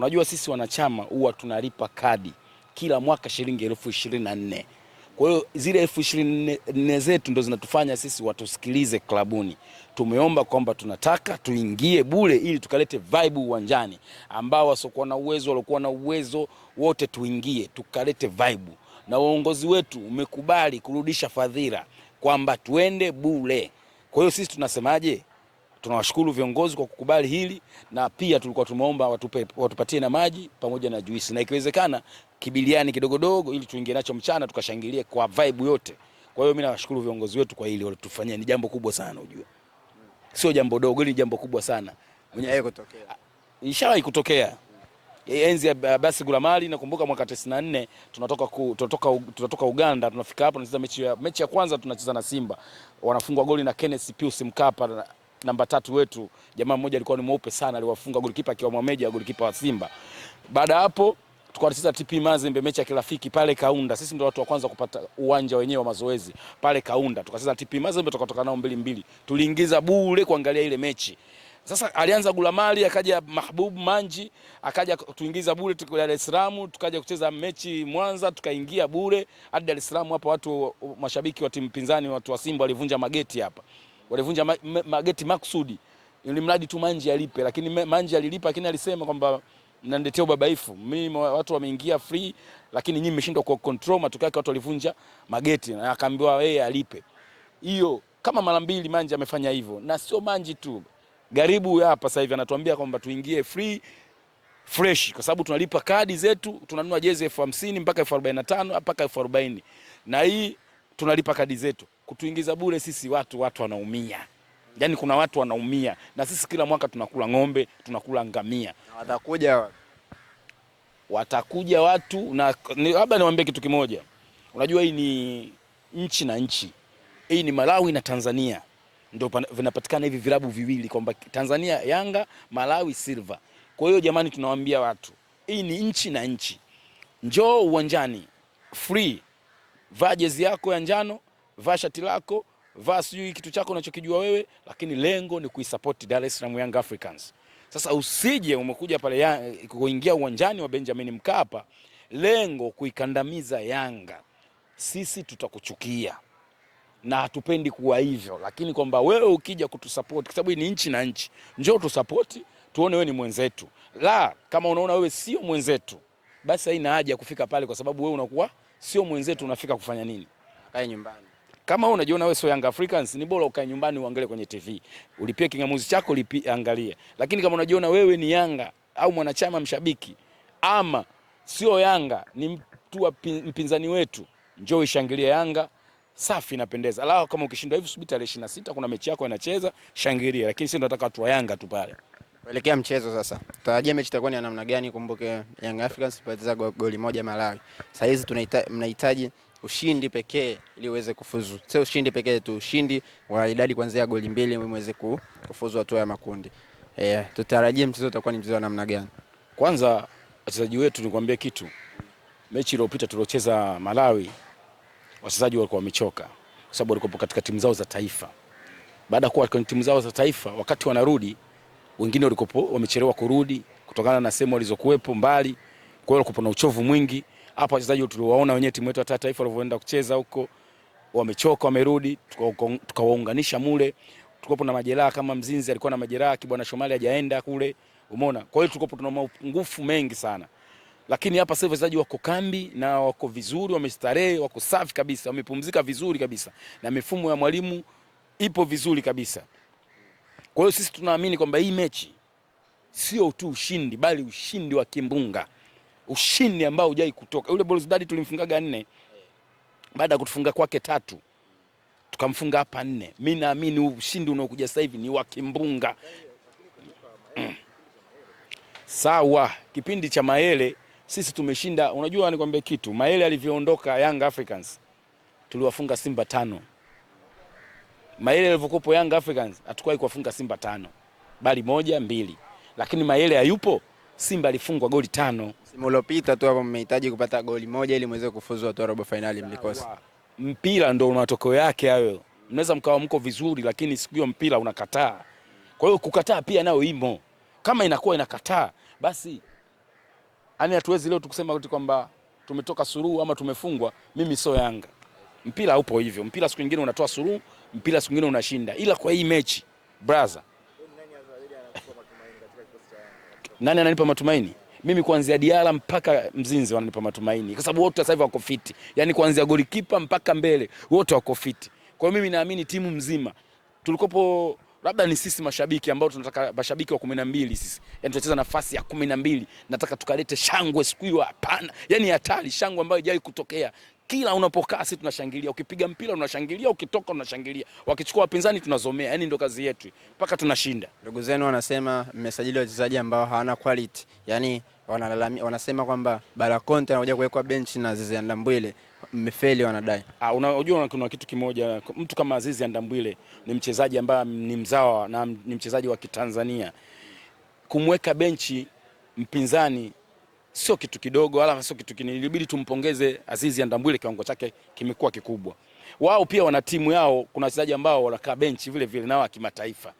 Unajua sisi wanachama huwa tunalipa kadi kila mwaka shilingi elfu ishirini na nne. Kwa hiyo zile elfu ishirini na nne zetu ndo zinatufanya sisi watusikilize klabuni. Tumeomba kwamba tunataka tuingie bure ili tukalete vibe uwanjani, ambao wasiokuwa na uwezo, waliokuwa na uwezo wote tuingie tukalete vibe, na uongozi wetu umekubali kurudisha fadhila kwamba tuende bure. Kwa hiyo sisi tunasemaje? Tunawashukuru viongozi kwa kukubali hili, na pia tulikuwa tumeomba watupe, watupatie na maji pamoja na juisi na ikiwezekana kibiliani kidogodogo, ili tuingie nacho mchana tukashangilie kwa vibe yote. Kwa hiyo mimi nawashukuru viongozi wetu kwa hili walitufanyia, ni jambo kubwa sana, Ujue sio jambo dogo, ni jambo kubwa sana. kutokea Inshallah ikutokea enzi ya basi gula mali nakumbuka mwaka 94 tunatoka ku, tunatoka tunatoka Uganda tunafika hapo tunacheza mechi ya mechi ya kwanza tunacheza na Simba wanafungwa goli na Kenneth Pius Mkapa namba tatu wetu, jamaa mmoja alikuwa ni mweupe sana, aliwafunga golikipa akiwa Mwameja, golikipa wa Simba. Baada hapo tukawa tunacheza TP Mazembe mechi ya kirafiki pale Kaunda. Sisi ndio watu wa kwanza kupata uwanja wenyewe wa mazoezi pale Kaunda, tukacheza TP Mazembe, tukatoka nao mbili mbili, tuliingiza bure kuangalia ile mechi. Sasa alianza Gulamali, akaja Mahbub Manji, akaja tuingiza bure tuko Dar es Salaam, tukaja kucheza mechi Mwanza, tukaingia bure hadi Dar es Salaam. Hapa watu mashabiki wa timu pinzani, watu wa Simba walivunja mageti hapa walivunja ma, ma, mageti maksudi ili mradi tu Manji alipe, lakini Manji alilipa, lakini alisema kwamba mnaniletea ubabaifu mimi, watu wameingia free, lakini nyinyi mmeshindwa ku control. Matokeo yake watu walivunja mageti na akaambiwa yeye alipe. Hiyo kama mara mbili Manji amefanya hivyo, na sio Manji tu, Garibu hapa sasa hivi anatuambia kwamba tuingie free fresh kwa sababu tunalipa kadi zetu, tunanunua jezi elfu hamsini mpaka elfu arobaini na tano mpaka elfu arobaini na hii tunalipa kadi zetu kutuingiza bure sisi watu, watu wanaumia. Yaani kuna watu wanaumia, na sisi kila mwaka tunakula ng'ombe, tunakula ngamia. Watakuja watakuja watu na labda niwaambie kitu kimoja. Unajua hii ni nchi na nchi, hii ni Malawi na Tanzania ndio vinapatikana hivi vilabu viwili, kwamba Tanzania Yanga, Malawi Silver. Kwa hiyo jamani, tunawaambia watu hii ni nchi na nchi, njoo uwanjani free, vaa jezi yako ya njano vaa shati lako, vaa sijui kitu chako unachokijua wewe, lakini lengo ni kuisupport Dar es Salaam Young Africans. Sasa usije umekuja pale ya, kuingia uwanjani wa Benjamin Mkapa lengo kuikandamiza Yanga. Sisi tutakuchukia na hatupendi kuwa hivyo, lakini kwamba wewe ukija kutusupport, kwa sababu ni nchi na nchi, njoo tusapoti tuone wewe ni mwenzetu. La, kama unaona wewe sio mwenzetu, basi haina haja ya kufika pale, kwa sababu wewe unakuwa sio mwenzetu, unafika kufanya nini? Kae nyumbani. Kama wewe unajiona wewe sio Young Africans, ni bora ukae nyumbani uangalie kwenye TV. Ulipie kingamuzi chako lipi angalie. Lakini kama unajiona wewe ni Yanga au mwanachama mshabiki ama sio Yanga ni mtu wa mpinzani wetu, njoo ishangilie Yanga. Safi, inapendeza. Alafu kama ukishindwa hivi, subiri tarehe 26 kuna mechi yako inacheza, shangilia. Lakini sisi tunataka watu wa Yanga tu pale. Kuelekea mchezo sasa, tarajia mechi itakuwa ni namna gani? Kumbuke Young Africans ipoteza goli moja Malawi. Sasa hizi tunahitaji mnahitaji ushindi pekee ili uweze kufuzu, sio ushindi pekee tu, ushindi wa idadi kuanzia goli mbili muweze kufuzu hatua ya makundi. E, tutarajie mchezo utakuwa ni mchezo wa namna gani? Kwanza wachezaji wetu, nikwambie kitu, mechi iliyopita tuliocheza Malawi, wachezaji walikuwa wamechoka kwa sababu walikuwa katika timu zao za taifa. Baada ya kuwa katika timu zao za taifa, wakati wanarudi wengine walikuwa wamechelewa kurudi kutokana na sehemu walizokuwepo mbali, kwa hiyo walikuwa na uchovu mwingi. Hapa wachezaji tuliwaona wenyewe timu yetu ya taifa walivyoenda kucheza huko, wamechoka wamerudi, tukawaunganisha mule. Tulikuwa na majeraha kama Mzinzi alikuwa na majeraha, Kibwana Shomali hajaenda kule, umeona. Kwa hiyo tulikuwa tuna mapungufu mengi sana, lakini hapa sasa wachezaji wako kambi na wako vizuri, wamestarehe, wako safi kabisa, wamepumzika vizuri kabisa, na mifumo ya mwalimu ipo vizuri kabisa. Kwa hiyo sisi tunaamini kwamba hii mechi sio tu ushindi, bali ushindi wa kimbunga ushindi ambao hujai kutoka. Yule Boldad tulimfungaga nne baada ya kutufunga kwake tatu tukamfunga hapa nne. Mi naamini ushindi unaokuja sasa hivi ni wa kimbunga. Mm. Sawa, kipindi cha Mayele sisi tumeshinda. Unajua, nikwambie kitu, Mayele alivyoondoka Young Africans tuliwafunga Simba tano. Mayele alivyokuwepo Young Africans hatukuwahi kuwafunga Simba tano, bali moja mbili, lakini Mayele hayupo, Simba alifungwa goli tano. Msimu uliopita tu hapo mmehitaji kupata goli moja ili muweze kufuzu hatua robo finali, mlikosa. Mpira ndo una matokeo yake hayo. Mnaweza mkawa mko vizuri, lakini siku hiyo mpira unakataa. Kwa hiyo kukataa pia nayo imo, kama inakuwa inakataa basi, yani hatuwezi leo tukusema kwamba tumetoka suruhu ama tumefungwa. Mimi sio Yanga, mpira upo hivyo. Mpira siku nyingine unatoa suruhu, mpira siku nyingine unashinda, ila kwa hii mechi brother, nani ananipa matumaini? mimi kuanzia Diala mpaka Mzinzi wananipa matumaini, kwa sababu wote sasa hivi wako fiti, yani kuanzia golikipa mpaka mbele wote wako fiti. Kwa hiyo mimi naamini timu mzima tulikopo labda ni sisi mashabiki ambao tunataka mashabiki wa kumi na mbili sisi, yani tunacheza nafasi ya kumi na mbili. Nataka tukalete shangwe siku hiyo. Hapana, yani hatari, shangwe ambayo haijawahi kutokea kila unapokaa sisi tunashangilia, ukipiga mpira unashangilia, ukitoka unashangilia, wakichukua wapinzani tunazomea. Yani ndio kazi yetu mpaka tunashinda. Ndugu zenu wanasema mmesajili wachezaji ambao hawana quality, yani wanalalamika, wanasema kwamba Bara anakuja kuwekwa benchi na Azizi Ndambwile mmefeli, wanadai. Ah, unajua kuna kitu kimoja, mtu kama Azizi Ndambwile ni mchezaji ambaye ni mzawa na ni mchezaji wa Kitanzania, kumweka benchi mpinzani sio kitu kidogo wala sio kitu kinini. Ilibidi tumpongeze Azizi Andambwile, kiwango chake kimekuwa kikubwa. Wao pia wana timu yao, kuna wachezaji ambao wanakaa benchi vile vile nao kimataifa.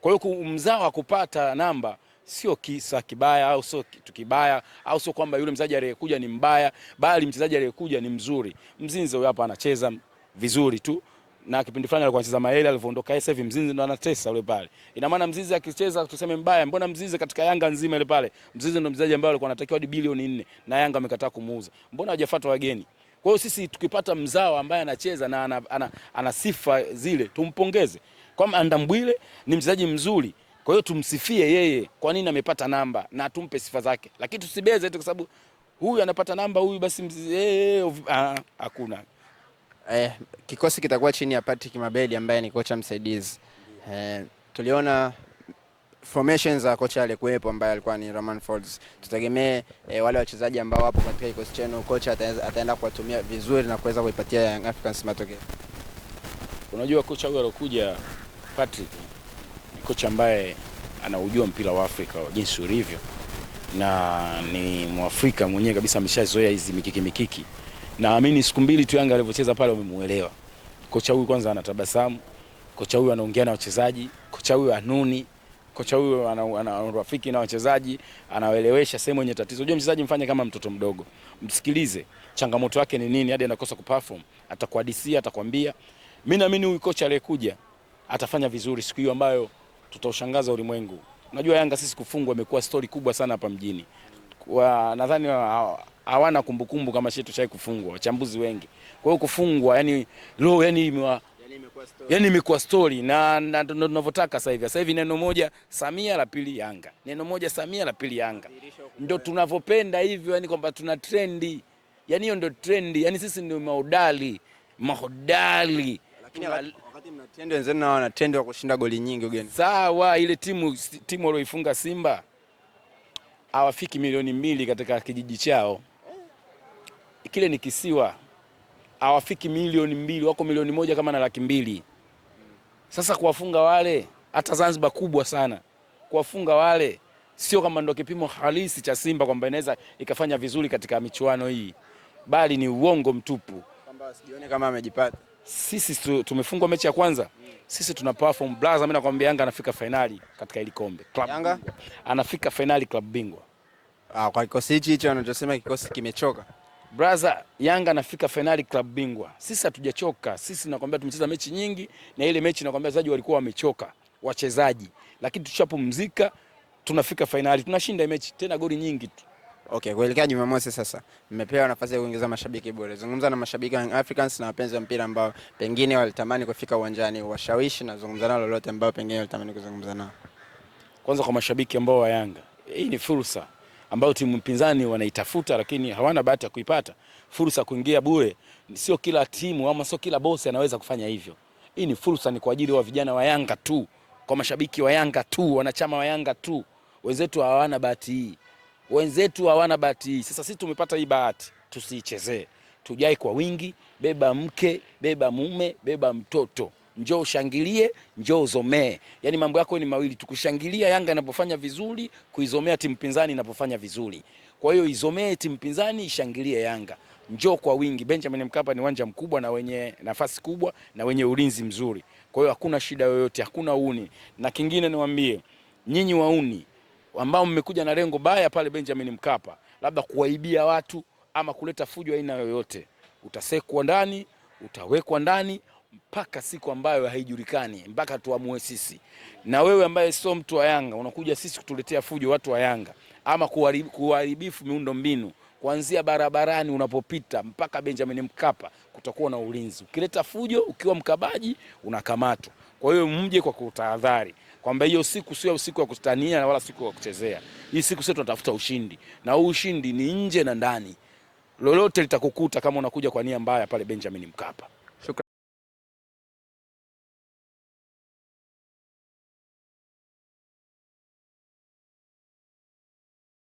Kwa hiyo mzao kupata namba sio kisa kibaya au sio kitu kibaya au sio kwamba yule mchezaji aliyekuja ni mbaya, bali mchezaji aliyekuja ni mzuri. Mzinze huyo hapa anacheza vizuri tu na kipindi fulani alikuwa anacheza Mayele, alivyoondoka sasa hivi Mzizi ndo anatesa yule pale. Ina maana Mzizi akicheza tuseme mbaya, mbona Mzizi katika Yanga nzima ile pale, Mzizi ndo mchezaji ambaye alikuwa anatakiwa hadi bilioni nne na Yanga amekataa kumuuza, mbona hajafuata wageni? Kwa hiyo sisi tukipata mzao ambaye anacheza na ana, ana, ana, sifa zile tumpongeze, kwamba Ndambwile ni mchezaji mzuri kwa hiyo tumsifie yeye kwa nini amepata namba na tumpe sifa zake, lakini tusibeze eti kwa sababu huyu anapata namba huyu basi hey, hey, uh, hakuna eh, kikosi kitakuwa chini ya Patrick Mabedi ambaye ni kocha msaidizi. Eh, tuliona formation za kocha aliyekuwepo ambaye alikuwa ni Roman Folds. Tutegemee eh, wale wachezaji ambao wapo katika kikosi chenu kocha ataenda kuwatumia vizuri na kuweza kuipatia Young Africans matokeo. Unajua kocha huyo alokuja Patrick ni kocha ambaye anaujua mpira wa Afrika jinsi ulivyo na ni Mwafrika mwenyewe kabisa, ameshazoea hizi mikiki mikiki naamini siku mbili tu Yanga alivyocheza pale wamemuelewa. Kocha huyu kwanza anatabasamu, kocha huyu anaongea na wachezaji, kocha huyu anuni, kocha huyu ana ana, ana rafiki na wachezaji, anawaelewesha sehemu yenye tatizo. Unajua mchezaji mfanye kama mtoto mdogo, msikilize changamoto yake ni nini, hadi anakosa kuperform, atakuhadisia, atakwambia. Mimi naamini huyu kocha aliyekuja atafanya vizuri siku hiyo ambayo tutaushangaza ulimwengu. Unajua Yanga sisi kufungwa imekuwa stori kubwa sana hapa mjini, nadhani hawana kumbukumbu kama sisi tushai kufungwa, wachambuzi wengi. Kwa hiyo kufungwa, yani roho yani imewa yani imekuwa story na ndo tunavyotaka sasa hivi. Sasa hivi neno moja Samia, la pili Yanga, neno moja Samia, la pili Yanga, ndio tunavyopenda hivyo, yani kwamba tuna trendi, yani hiyo ndio trendi, yani sisi ndio mahodari mahodari wa kushinda goli nyingi ugeni. Sawa, ile timu timu walioifunga Simba hawafiki milioni mbili katika kijiji chao kile ni kisiwa, hawafiki milioni mbili, wako milioni moja kama na laki mbili. Sasa kuwafunga wale, hata Zanzibar kubwa sana, kuwafunga wale sio kama ndo kipimo halisi cha Simba kwamba inaweza ikafanya vizuri katika michuano hii, bali ni uongo mtupu kwamba sijione kama amejipata. Sisi tumefungwa mechi ya kwanza, sisi tuna perform blaza. Mimi nakwambia Yanga anafika fainali katika hili kombe, Yanga anafika fainali club bingwa. Ah, kwa kikosi hichi hicho anachosema kikosi kimechoka. Braza, Yanga anafika fainali klabu bingwa. Sisi hatujachoka. Sisi nakwambia tumecheza mechi nyingi na ile mechi nakwambia wachezaji walikuwa wamechoka, wachezaji. Lakini tushapumzika, tunafika fainali, tunashinda mechi tena goli nyingi tu. Okay, kuelekea Jumamosi sasa. Mmepewa nafasi ya kuingiza mashabiki bure. Zungumza na mashabiki wa Africans na wapenzi wa mpira ambao pengine walitamani kufika uwanjani, washawishi na zungumza nao lolote ambao pengine walitamani kuzungumza nao. Kwanza kwa mashabiki ambao wa Yanga, hii ni fursa ambayo timu mpinzani wanaitafuta lakini hawana bahati ya kuipata, fursa kuingia bure. Sio kila timu ama sio kila bosi anaweza kufanya hivyo. Hii ni fursa, ni kwa ajili ya vijana wa Yanga tu, kwa mashabiki wa Yanga tu, wanachama wa Yanga tu. Wenzetu hawana bahati hii, wenzetu hawana bahati hii. Sasa sisi tumepata hii bahati, tusiichezee. Tujai kwa wingi, beba mke, beba mume, beba mtoto njoo ushangilie, njoo uzomee. Yani mambo yako ni mawili tukushangilia Yanga inapofanya vizuri, kuizomea timu pinzani inapofanya vizuri. Kwa hiyo izomee timu pinzani, ishangilie Yanga. Njoo kwa wingi. Benjamin Mkapa ni uwanja mkubwa na wenye nafasi kubwa na wenye ulinzi mzuri, kwa hiyo hakuna shida yoyote, hakuna uni. Na kingine niwaambie nyinyi wauni ambao mmekuja na lengo baya pale Benjamin Mkapa, labda kuwaibia watu ama kuleta fujo aina yoyote, utasekwa ndani, utawekwa ndani mpaka siku ambayo haijulikani, mpaka tuamue sisi. Na wewe ambaye sio mtu wa Yanga unakuja sisi kutuletea fujo watu wa Yanga ama kuharibifu miundo mbinu kuanzia barabarani unapopita mpaka Benjamin Mkapa kutakuwa na ulinzi. Ukileta fujo, ukiwa mkabaji unakamatwa. Kwa hiyo mje kwa kutahadhari kwamba hiyo siku sio siku ya kustania wala siku ya kuchezea. Hii siku sio, tunatafuta ushindi, na huu ushindi ni nje na ndani, lolote litakukuta kama unakuja kwa nia mbaya pale Benjamin Mkapa.